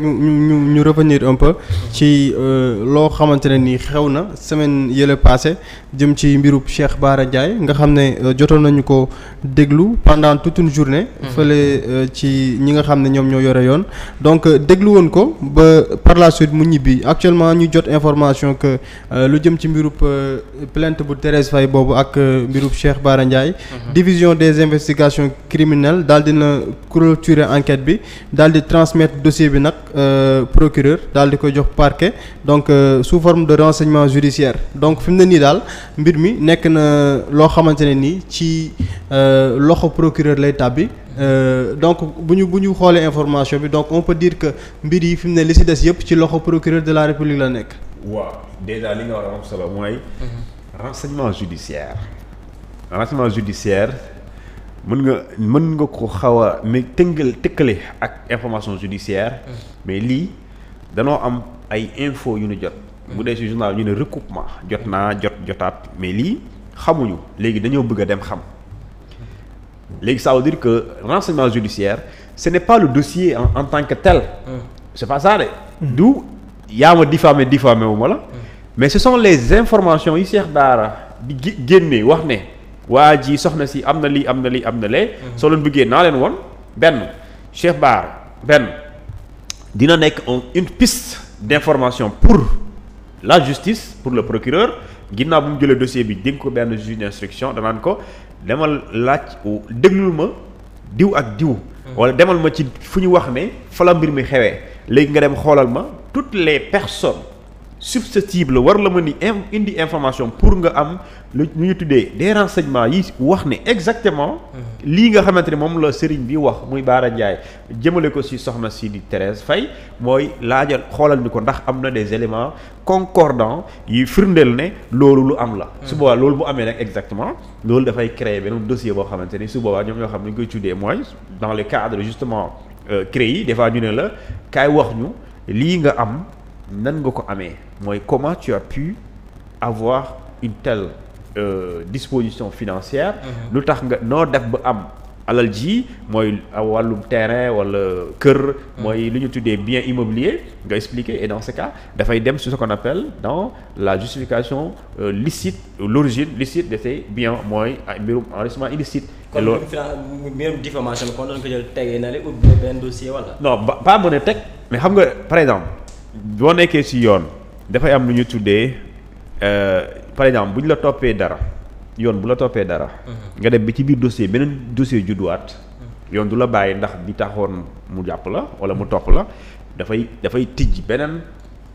ñu ñu ñu revenir un peu ci euh, loo xamante ne ni xew na semaine yële passé jëm ci mbirub Cheikh Bara Ndiaye nga xam ne euh, jotoon nañu ko déglu pendant toute une journée. Mm-hmm. fële euh, ci ñi nga xam ne ñoom ñoo yore yoon. donc déglu woon ko ba par la suite mu ñibbi actuellement ñu jot information que lu jëm ci mbirub plainte bu Thérèse Faye boobu ak mbirub Cheikh Bara Ndiaye. Mm-hmm. division des investigations criminelles daal dina clôturer enquête bi dal di transmettre dossier bi. bi nag euh, procureur daal di koy jox parquet donc euh, sous forme de renseignement judiciaire donc fi mu ne nii daal mbir mi nekk na loo xamante ne nii ci euh, loxo procureur lay tàbbi donc bu ñu bu ñu xoolee information bi donc on peut dire que mbir yi fi mu ne li si des yëpp ci loxo procureur de la république la nekk. waaw déjà li nga war a am solo mooy. Mhm. renseignement judiciaire renseignement judiciaire. mën nga mën nga ko xaw a mais tëngal tëkkale ak information judiciaire mm. mais lii danoo am ay info yu ñu jot mu mm. dee ci journal ñu ne recoupement jot naa jot jotaat mais lii xamuñu léegi dañoo bëgg a dem xam léegi ça veut dire que renseignement judiciaire ce n'est pas le dossier en, en tant que tel mm. c'est pas ça de du yaa ma diffamé diffamé wu ma la mais ce sont les informations yi Cheikh Bara di génnee wax ne waa jii soxna si am na lii am na lii am na lee mhm. soo leen bëggee naa leen woon benn Cheikh Baar benn dina nekk un une piste d'information pour la justice pour le procureur ginnaaw bu mu jëlee dossier bi dénk ko benn juge d'instruction danaan ko demal laaj déglul ma diw ak diw mhm. wala demal ma ci fu ñu wax ne fala mbir mi xewee léegi nga dem xoolal ma toutes les personnes susceptible war la mën ni indi information pour nga am lu ñu tuddee des renseignements yi wax ne exactement. Mmh. lii nga xamante ne moom la sëriñ bi wax muy Baara Ndiaye jëmale ko si soxna si di Thérèse Faye mooy laajal xoolal ñu ko ndax am na des éléments concordants yi firndeel ne loolu lu am la. Mmh. su boobaa loolu bu amee nag exactement loolu dafay créer benn dossier boo xamante ni su boobaa ñoom ñoo xam ne ñu koy tuddee mooy dans le cadre justement euh, créé yi des ñu ne la kaay wax ñu lii nga am. nan nga ko amee mooy comment tu as pu avoir une telle euh, disposition financière mhm. lu tax nga noo def ba am alal ji mooy wàllum terrain wala kër mhm. mooy lu ñu tuddee bien immobilier nga expliquer et dans ce cas dafay dem si sa qu'on appelle dans la justification euh, licite l'origine licite de ces biens mooy mbirum enrichissement illicite kon loolu doon ko jël tegee na le benn dossier wala non ba pas mën a teg mais xam nga par exemple boo nekkee ci yoon dafay am lu ñu tuddee euh, par exemple bu ñu la toppee dara yoon bu la toppee dara. Mm-hmm. nga dem bi ci biir dossier beneen dossier judduwaat. Mm-hmm. yoon du la bàyyi ndax bi taxoon mu jàpp la walla mu topp la dafay dafay tijj beneen.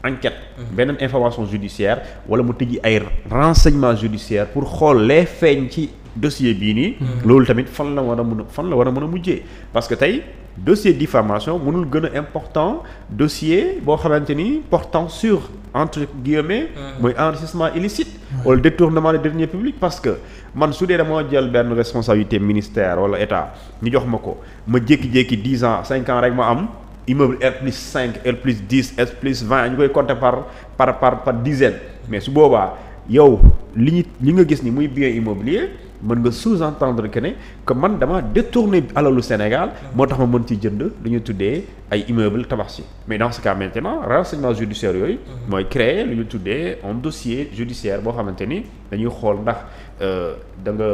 enquête mm-hmm. beneen information judiciaire wala mu tijji ay renseignement judiciaire pour xool les feeñ ci dossier bii nii loolu tamit fan la war a mën a fan la war a mun a mujjee parce que tey dossier diffamation mënul gën a important dossier boo xamante ni portant sur entre guillemets mmh. mooy enrichissement illicite wala détournement des deniers publics parce que man su dee dama jël benn responsabilité ministère wala état ñu jox ma ko ma jékki-jékki dix ans cinq ans rek ma am immeuble R plus cinq R plus dix R plus vingt ñu koy compter par par par par dizaine mais su boobaa yow li ñu li nga gis ni muy bien immobilier mën nga sous-entendre que ne que man dama détourné alalu Sénégal moo tax ma mën ci jënd lu ñu tuddee ay immeuble tabax si mais dans ce cas maintenant renseignement judiciaire yooyu mooy créer lu ñu tuddee un dossier judiciaire boo xamante ni dañuy xool ndax euh, da nga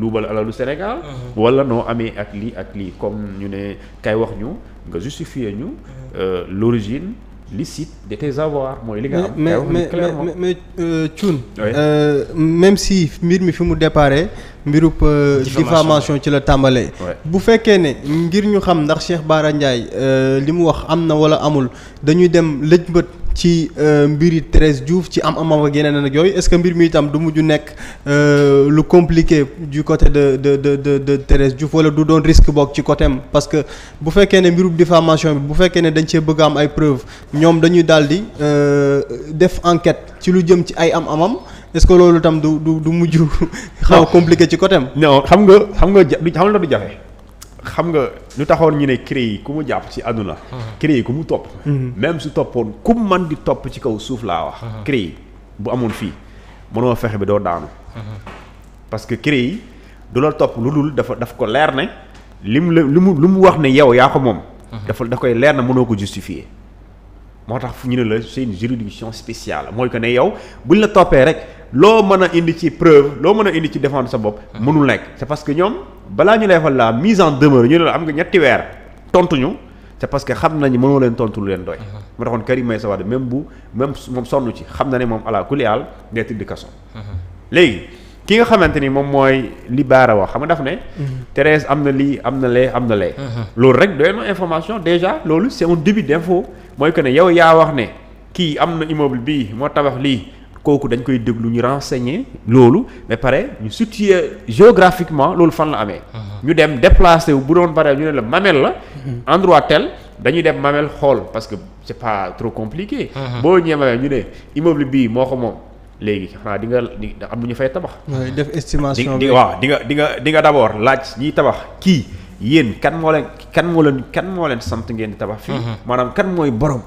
luubal alalu Sénégal mhm. wala noo amee ak lii ak lii comme ñu ne kay wax ñu nga justifier ñu mhm. euh, l'origine licite de tes avoirs euh, euh, si mbir mi fi mu déparé. mbirub euh, diffamation ci la tàmbalee. bu fekkee ne ngir ñu xam ndax Cheikh Bara Ndiaye li mu wax am na wala amul dañuy dem lëj mbët ci euh, mbiri Thérèse Diouf ci am amam ak yeneen ak yooyu est-ce que mbir mi itam du mujj nekk euh, lu compliqué ju côté de de de de de Thérèse Diouf wala du doon risque boog ci côté am parce que bu fekkee ne mbirum diffamation bi bu fekkee ne dañ cee bëgg am ay preuves ñoom dañuy daal di euh, def enquête ci lu jëm ci ay am amam est-ce que loolu itam du du du mujj. xaw compliqué ci côté am. non xam nga xam nga ja du xam nga du jafe. xam nga lu taxoon ñu ne CREI yi ku mu jàpp ci àdduna uh-huh. CREI yi ku mu topp mm-hmm. même su toppoon ku man di topp ci kaw suuf laa wax uh-huh. CREI yi bu amoon fii mënoo fexe bi doo daanu uh-huh. parce que CREI yi du la topp lu dul dafa daf ko leer ne lim la li mu lu mu wax ne yow yaa ko moom dafa da koy leer na mënoo ko justifier moo tax fu ñu ne la c'est une juridiction spéciale mooy que ne yow buñ la toppee rek loo mën a indi ci preuve loo mën a indi ci défendre sa bopp mënul nekk c'est parce que ñoom balaa ñu lay defal mise en demeure ñu ne la am nga ñetti weer tontuñu c'est parce que xam nañu mënoo leen tontu lu leen doy moo taxoon Karim Meïssa Wade même bu même moom sonn ci xam na ne moom ala kulli haal day ka kaso léegi ki nga xamante ni moom mooy li baara wax xam nga daf ne Thérèse am na lii am na lee am na lee loolu rek doy na information déjà loolu c'est un début d'info mooy que ne yow yaa wax ne kii am na immeuble bii moo tabax lii kooku dañ koy déglu ñu renseigner loolu mais pare ñu situer géographiquement loolu fan la amee. ñu dem déplacé wu bu doon pare ñu ne la Mamel la. Mhm. endroit tel dañuy dem Mamel xool parce que c'est pas trop compliqué. boo ñëwee ñu ne immeuble bii moo ko moom. léegi xanaa di nga di am ñu fay tabax. def estimation bi waaw di nga di nga di nga laaj ñiy tabax kii yéen kan moo leen kan moo leen kan moo leen sant ngeen di tabax. fii mhm. maanaam kan mooy borom.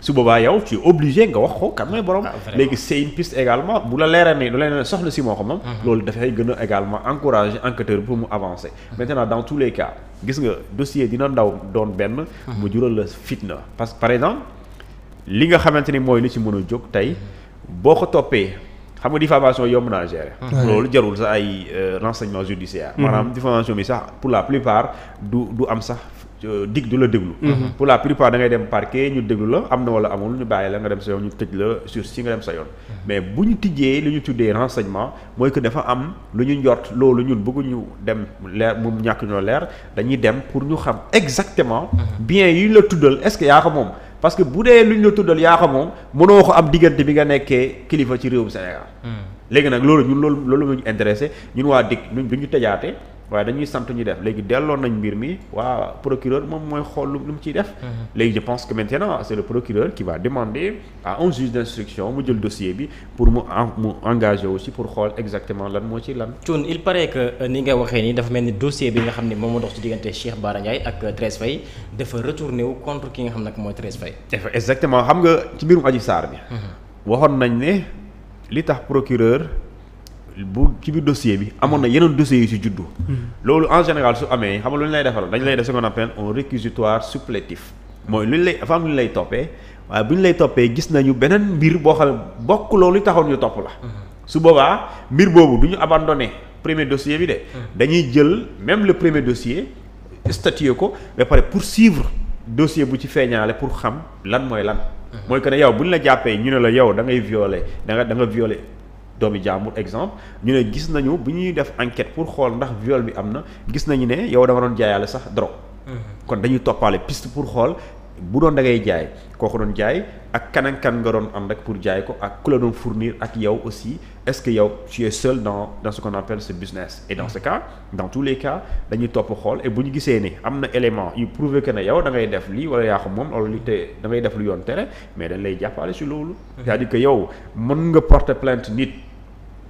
su boobaa yow ci obligé nga wax ko kan mooy borom. Ah, léegi c'est une piste également bu la leeral ne lu leen soxla si moo ko moom. Mhm. loolu dafay gën a également encourager enquêteur pour mu avancer. Mhm. maintenant dans tous les cas gis nga dossier dina ndaw doon benn. Mhm. mu jural la fitna. parce que par exemple li nga xamante ni mooy li ci mën a jóg tey boo ko toppee xam nga diffamation yomb naa gérer. loolu jarul sax ay euh, renseignements judiciaires maanaam diffamation sax pour la plupart du du am sax. dig du la déglu. Mhm. pour la plupart da ngay dem parquet ñu déglu la am na wala amul ñu bàyyi la nga dem sa yoon ñu tëj la sur nga dem sa yoon. Mhm. mais bu ñu tijjee li ñu tuddee renseignement mooy que dafa am lu ñu njort loolu ñun bëgguñu dem leer mu ñàkk ñoo leer dañuy dem pour ñu xam exactement. Mhm. bien yu la tuddal est-ce que yaa ko moom. parce que bu dee lu ñu la tuddal yaa ko moom mënoo ko am diggante bi nga nekkee kilifa ci réewum Sénégal. léegi nag loolu ñun loolu loolu la waaye dañuy sant ñu def léegi delloon nañ mbir mi waa procureur moom mooy xool lu mu ciy def. Mhm. léegi je pense que maintenant c'est le procureur qui va demander à un juge d'instruction mu jël dossier bi pour mu mu engagé aussi pour xool exactement lan moo ci lan. Thioune il paraît que euh, ni nga waxee nii dafa mel ni dossier bi nga xam ne moom moo dox ci diggante Cheikh Bara Ndiaye ak euh, Thérèse Faye dafa retourné wu contre ki nga xam nag mooy Thérèse Faye. exactement xam nga ci mbirum Adji Sarr bi. Mhm. waxoon li tax procureur. bu ci biir dossier bi amoon na yeneen dossiers yu si juddu. Hmm. loolu en général su amee xam nga lu ñu lay defal dañu lay def ce qu'on appelle un réquisitoire supplétif mooy lu ñu lay faam lu ñu lay toppee waaye bu ñu lay toppee gis nañu beneen mbir boo xam ne bokk loolu taxoon ñu topp la. Hmm. su boobaa mbir boobu du ñu abandonné premier dossier bi de. Hmm. dañuy jël même le premier dossier statuer ko ba pour poursuivre dossier bu ci feeñaale pour xam lan mooy lan. mooy que ne yow bu ñu la jàppee ñu ne la yow da ngay violé da nga da doomi jàmbur exemple ñu ne gis nañu bu ñuy def enquête pour xool ndax viol bi am na gis nañu ne yow dama doon jaayaale sax drogue mm-hmm. kon dañuy toppale piste pour xool bu doon da ngay jaay kooku doon jaay ak kanan kan nga doon am rek pour jaay ko ak ku la doon fournir ak yow aussi est-ce que yow tu es seul dans dans ce qu'on appelle ce business et dans ce cas dans tous les cas dañuy topp xool et bu ñu gisee ni am na élément yu prouver que ne yow da ngay def lii wala yaa ko moom loolu li te da ngay def lu yoon tere mais dañ lay jàppale si loolu c'est-à-dire que yow mën nga porter plainte nit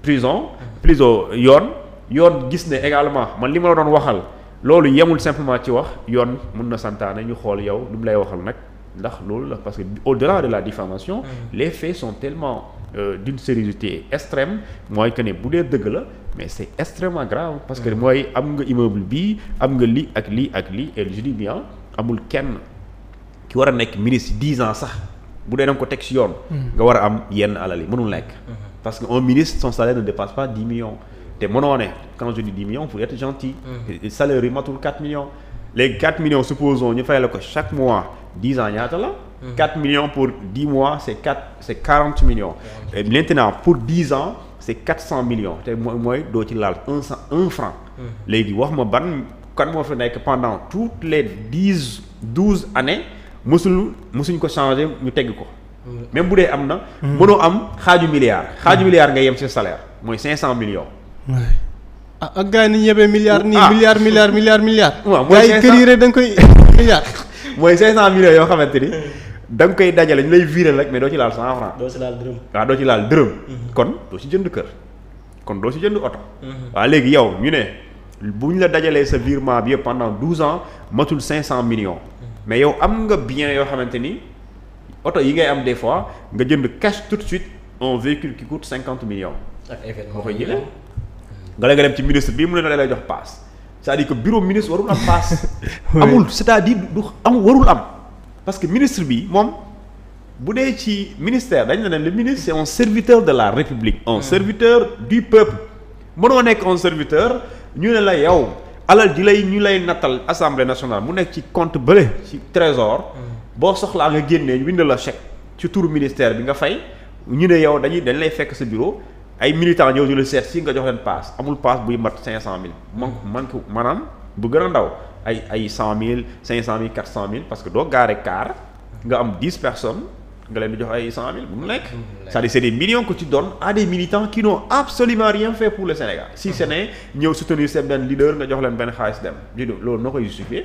prison mhm. prison yoon yoon gis ne également man li ma doon waxal loolu yemul simplement ci wax yoon mun na santaane ñu xool yow lu mu lay waxal nag ndax loolu la parce que au-delà de la diffamation mm. les faits son telement euh, d'une sérieuxité extrême mooy que ne bu dee dëgg la mais c'est extrêmement grave parce que mm. mooy am nga immeuble bii am nga lii ak lii ak lii et je dis bien amul kenn ki war a nekk ministre dix ans sax bu dee da ko teg ci yoon mm. nga war a am yenn alal yi mënul nekk mm-hmm. parce que un ministre son salaire ne dépasse te mënoo ne quand je dis 10 millions pour être gentil. Mm. salaire yi matul 4 millions. léegi 4 millions supposons ñu fay la ko chaque mois 10 ans ñaata la. 4 mm. millions pour 10 mois c' est 4 c' est 40 millions. pour 10 ans c' est cent millions te mooy mooy doo ci laal un cent un franc. Mm. léegi wax ma ban kan moo fi nekk pendant toutes les 10 12 années mosul mosuñ ko changé ñu tegg ko. même bu dee am na. mënoo am xaaju milliard. xaaju milliard nga yem ci salaire mooy 500 ah ak gars yi nañu yebee milliards nii milliards ah. milliards milliards milliards. waaw mooy 500 gars yi da nga koy milliards. mooy 500 millions yoo xamante ni da koy dajale ñu lay viral rek mais doo ci laal 100 francs. doo doo laal dërëm. Mhm. kon doo ci jënd kër. kon doo ci jënd oto. Mhm. waaw léegi yow ñu ne bu ñu la dajalee sa virement bi yëpp pendant 12 ans matul cinq 500 million mhm. mais yow am nga bien yoo xamante ni oto yi ngay am des fois nga jënd cash tout de suite un véhicule qui coûte 50 millions. ak événement moo koy jëlee. nga léegi dem ci ministre bi mu ne la lay jox paas c'est-à-dire que bureau ministre warul am paas. amul c'est-à-dire du am warul am. parce que ministre bi moom bu dee ci ministère dañ la dem le ministre c'est un serviteur de la République. un hmm. serviteur du peuple. mënoo nekk un serviteur ñu ne la yow alal ji lay ñu lay nattal assemblée nationale mu nekk ci compte bële ci trésor. Hmm. boo soxlaa nga génnee bind la chèque ci turu ministère bi nga fay ñu ne yow dañuy dañ lay fekk sa bureau. ay militants ñëw di la seet si nga jox leen paas amul paas buy mat cinq cent mille manque manque maanaam bu gën a ndaw ay ay cent mille cinq cent mille quatre cent mille parce que doo gaare car nga am dix personnes nga leen di jox ay cent mille bu nekk. Mm-hmm. c'est-à-dire c'est des millions absolument rien fait pour le Sénégal. si ce mm-hmm. ñëw soutenir seen nga jox leen benn xaalis dem di loolu noo koy justifier.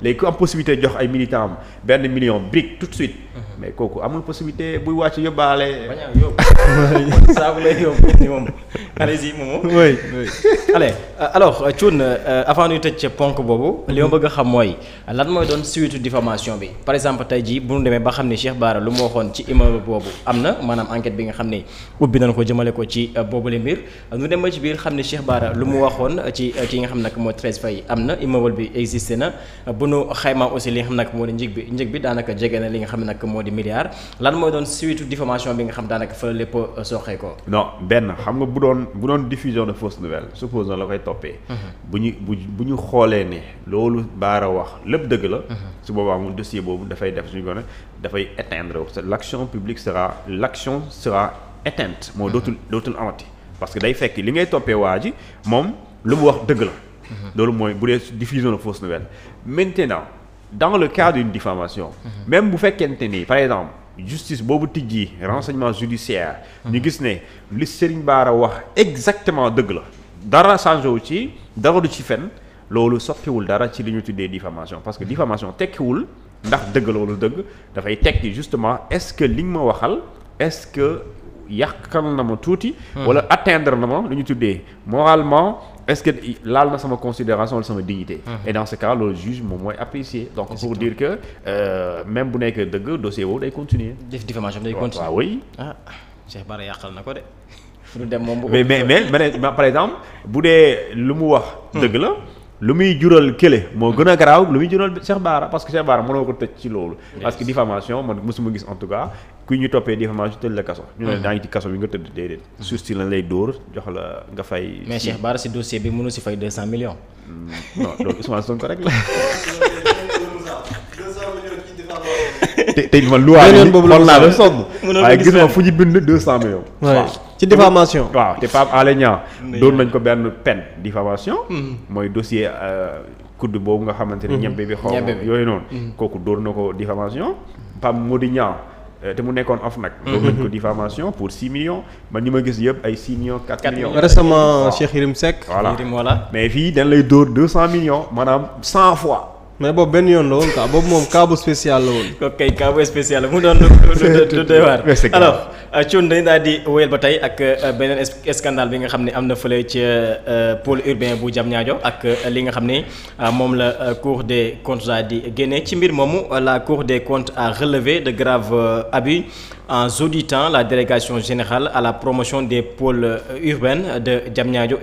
léegi ku am possibilité jox ay militants benn million brique tout suite. Mm-hmm. mais kooku amul possibilité buy wàcc yóbbaale. bañ a saabu lay yóbbu moom. allez-y Momo. oui oui. allez euh, alors euh, Thioune euh, avant ñuy tëj ca ponk boobu. li ma bëgg xam mooy lan mooy doon suite diffamation bi par exemple tey jii bu waxoon ci immeuble boobu am na maanaam enquête bi nga xam ne ubbi nañ ko jëmale ko ci euh, boobule mbir ñu dem ba ci biir xam ne Cheikh Bara lu mu waxoon ci euh, ki nga xam nag mooy Treize Faye am na immeuble bi existé na bu nu xaymaa aussi li nga xam nag moo di njëg bi njëg bi daanaka jege na li nga xam nag moo di milliard lan mooy doon suite diffamation bi nga xam daanaka fa lépp euh, sooxee ko. non benn xam nga bu doon bu doon diffusion de fausse nouvelle supposons la koy toppee. Mhm. bu ñu bu bu ñu xoolee ne loolu Bara wax lépp dëgg la. Mhm. su boobaa moom dossier boobu dafay def suñu ko ne dafay éteindre l'action publique sera l'action sera éteinte moo mhm. dootul dootul amati parce que day fekk li ngay toppee waa ji moom lu mu wax dëgg la mhm. loolu mooy bu dee diffusion de fausse nouvelle maintenant dans le cas d'une diffamation mhm. même bu fekkente ni par exemple justice boobu tijji renseignement judiciaire ñu gis ne li Serigne Bara wax exactement dëgg la dara changé wu ci dara du ci fen loolu soppiwul dara ci li ñu tuddee diffamation parce que diffamation tekkiwul ndax dëgg la wala dëgg dafay tekki justement est-ce que liñ ma waxal est-ce que yàqal na ma tuuti. Hmm. wala atteindre na ma lu ñu tuddee moralement. est-ce que laal na sama considération wala sama dignité hmm. et dans ce cas le juge moom mooy apprécier donc pour dire que euh, même bu nekk dëgg dossier boobu day continuer def diffamation day continuer waaw oui ah Cheikh Bara yàqal na ko de. dem moom mais mais mais par exemple bu dee lu mu wax hmm. dëgg la lu muy jural kële moo gën a mm. garaaw lu muy jural Cheikh Bara parce que Cheikh Bara mënoo ko tëj ci loolu. parce que diffamation man mosuma gis en tout cas ku ñu toppee diffamation tëj la kaso. ñu ne mm. daa ngi ci kaso bi nga tëdd déedéet. Mm. sursis lañ lay dóor jox la nga fay. mais Cheikh Bara si dossier bi mënu si fay 200 millions. non loolu Ousmane Sonko te tey man lu waay xool naa ba sonn waaye gis ma fu ñu bind deux cent millions ci diffamation waaw te Pape Alé Niang doon nañ ko benn peine diffamation hmm. mooy dossier euh, kudd boobu nga xamante ne hmm. ñebbe bi xaw yooyu noonu hmm. kooku dóor na ko diffamation Pape Mody Niang euh, te mu nekkoon off nag. doon nañ ko diffamation pour 6 millions man ñi ma gis yëpp ay 6 millions 4 millions. récemment Cheikh Yérim fois. mais boobu benn yoon la woon quoi boobu moom cas bu spécial la woon. ok cas bu spécial mu doon lu doy waar. alors euh, Thion dañu daal di wéyal ba tey ak euh, beneen scandale bi nga xam ne am na fële ci euh, pôle urbain bu jam Diamniadio ak li nga xam ne moom la cour des comptes daal di génne ci mbir moomu la cour des comptes a relevé de graves abus. en temps la délégation générale à la promotion des pôles urbains de Diamniadio